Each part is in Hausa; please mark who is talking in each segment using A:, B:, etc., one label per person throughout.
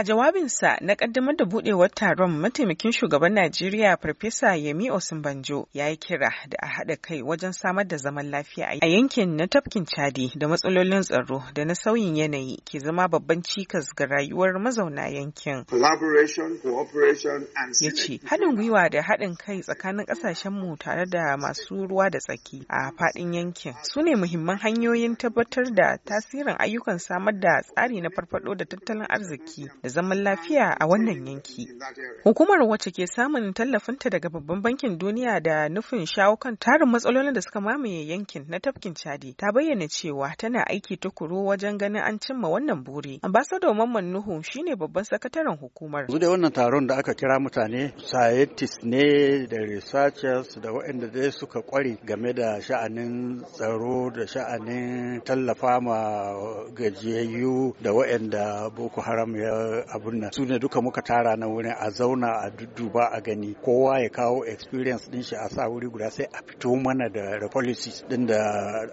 A: A jawabinsa na kaddamar da budewar taron mataimakin shugaban Najeriya Farfesa Yemi Osinbanjo ya yi kira da a haɗa kai wajen samar da zaman lafiya a yankin na tafkin Chadi da matsalolin tsaro da na sauyin yanayi ke zama babban cikas ga rayuwar mazauna yankin. Ya ce, haɗin gwiwa da haɗin kai tsakanin ƙasashen mu tare da masu ruwa da tsaki a faɗin yankin su ne muhimman hanyoyin tabbatar da tasirin ayyukan samar da tsari na farfaɗo da tattalin arziki da zaman lafiya a wannan yanki. Hukumar wacce ke samun tallafinta daga Babban Bankin Duniya da nufin shawo kan tarin matsalolin da suka mamaye yankin na tafkin Chadi ta bayyana cewa tana aiki tukuru wajen ganin an cimma wannan buri. Ambassador Mamman Nuhu shine babban sakataren hukumar.
B: Yanzu wannan taron da aka kira mutane scientists ne da researchers da waɗanda dai suka kware game da sha'anin tsaro da sha'anin tallafa ma gajiyayyu da waɗanda Boko Haram ya abun nan su ne duka muka tara na wurin a zauna a duduba a gani kowa ya kawo experience din shi a sa wuri guda sai a fito mana da policies din da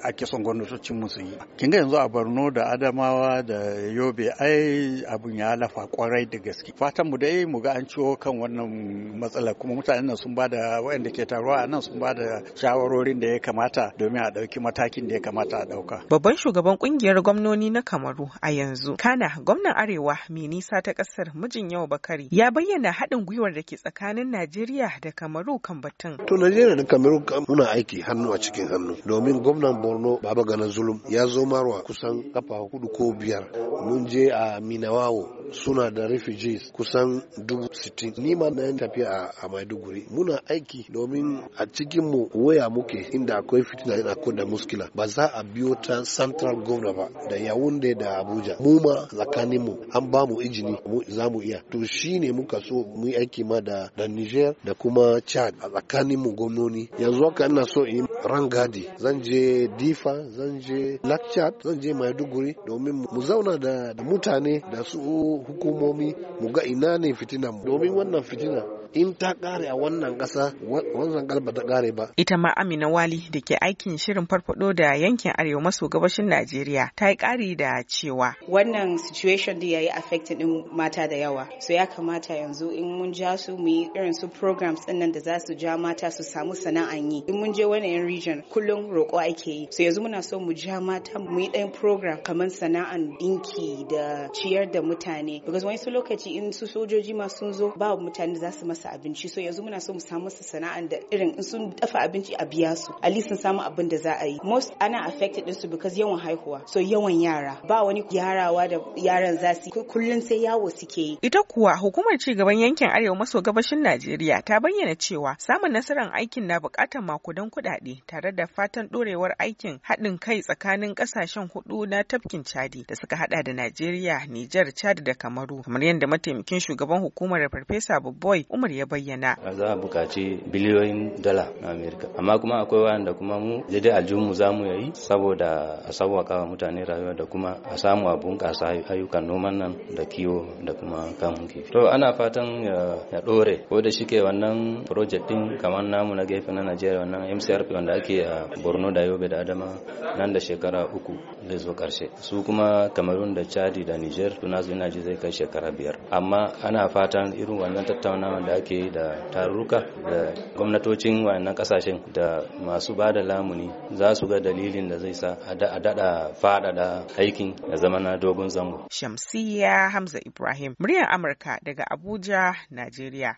B: ake son gwamnatocin mu su yi kin ga yanzu a Borno da Adamawa da Yobe ai abun ya lafa kwarai da gaske fatan mu dai mu ga an ciwo kan wannan matsala kuma mutanen nan sun bada waɗanda ke taruwa a nan sun bada shawarorin da ya kamata domin a ɗauki matakin da ya kamata a ɗauka
A: babban shugaban kungiyar gwamnoni na Kamaru a yanzu kana gwamnan Arewa mini Isa ta kasar mijin yau Bakari ya bayyana haɗin gwiwar da ke tsakanin Najeriya da Kamaru kan batun.
C: To Najeriya da Kamaru muna aiki hannu a cikin hannu domin gwamnan Borno Baba Gana Zulum ya zo Marwa kusan kafa hudu ko biyar mun je a Minawawo suna da refugees kusan dubu nima ni ma na tafiya a maiduguri muna aiki domin a cikin mu waya muke inda akwai fitina yana ko da muskila ba za a biyo ta central governor ba da yawunde da abuja mu ma tsakanin mu an ba mu ijini za mu iya to shi ne muka so mu yi aiki ma da niger da kuma chad a tsakaninmu mu gwamnoni yanzu haka ina so in rangadi zan je difa zan je lakchat zan je maiduguri domin mu zauna da mutane da su hukumomi mu ga ina ne fitina domin wannan fitina in ta kare a wannan kasa wannan galba ta kare ba.
A: Ita ma Amina Wali da ke aikin shirin farfado da yankin arewa maso gabashin Najeriya ta yi kari da cewa.
D: Wannan situation da ya yi affected din mata da yawa. So ya kamata yanzu in mun ja su mu yi irin su programs din nan da za su ja mata su samu sana'an yi. In mun je wani region kullum roƙo ake yi so yanzu muna so mu ja mata mu yi ɗayan program kamar sana'an dinki da ciyar da mutane because wani su lokaci in su sojoji ma sun zo ba mutane za su masa abinci so yanzu muna so mu samu masa sana'an da irin in sun dafa abinci a biya su at least sun samu abin da za a yi most ana affected din su because yawan haihuwa so yawan yara ba wani yarawa da yaran za su kullum sai yawo suke yi
A: ita kuwa hukumar ci gaban yankin arewa maso gabashin Najeriya ta bayyana cewa samun nasarar aikin na bukatar makudan kuɗaɗe tare da fatan ɗorewar aikin haɗin kai tsakanin ƙasashen hudu na tafkin Chadi da suka hada da Najeriya, Nijar, Chad da Kamaru kamar yadda mataimakin shugaban hukumar Farfesa Boboy Umar ya bayyana.
E: Za a buƙaci biliyoyin dala na Amerika amma kuma akwai wanda kuma mu daidai aljihunmu za mu yayi saboda a sauwaƙa wa mutane rayuwa da kuma a samu a bunƙasa ayyukan noman nan da kiwo da kuma kamun kifi. To ana fatan ya ɗore ko da shike wannan project din kamar namu na gefe na Najeriya wannan MCRP da ake a borno da yobe da adama nan da shekara uku zai zo karshe su kuma kamarun da chadi da niger tuna ina ji zai kai shekara biyar amma ana fatan irin wannan tattaunawa da ake da tarurruka da gwamnatocin wannan kasashen da masu ba da lamuni za su ga dalilin da zai sa a daɗa faɗaɗa aikin ya zama na dogon zango.
A: Shamsiyya Hamza Ibrahim, muryar Amurka daga Abuja, Najeriya.